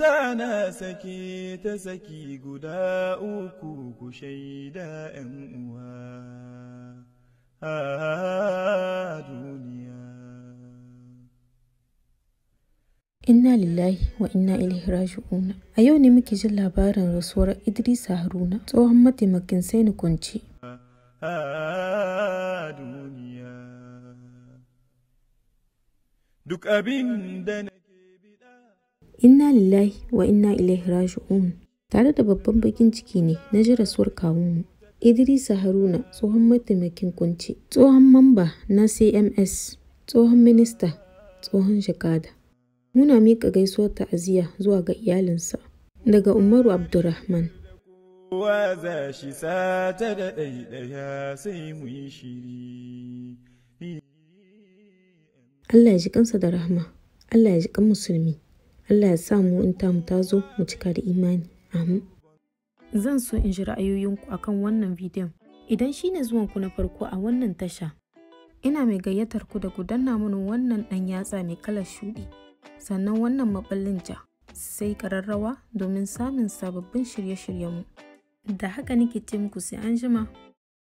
tana sake ta saki guda uku ku shaida ‘yan uwa a duniya. Inna lillahi wa inna ilaihi raji'un. A yau ne muke jin labarin rasuwar Idris Haruna, tsohon mataimakin ni Kunci. Duk abin da Inna lillahi wa inna ilaihi raji'un. Tare da babban bakin ciki ne na ji rasuwar kawunmu. Idrisa Haruna tsohon mataimakin kunci, tsohon mamba na CMS, tsohon minista, tsohon jakada. Muna miƙa gaisuwar ta'aziyya zuwa ga iyalinsa daga Umaru Abdurrahman. Allah ya ji kansa da rahma, Allah ya ji kan musulmi. Allah ya sa mu in ta ta zo mu cika da imani. Amin. Zan so in ji ra'ayoyinku akan wannan bidiyon. Idan shi ne zuwanku na farko a wannan tasha, ina mai gayyatar ku da ku danna mini wannan ɗan yatsa mai kalar shuɗi, sannan wannan maɓallin ja, sai ƙararrawa domin samun sababbin shirye-shiryenmu. Da haka nake ce muku sai an jima.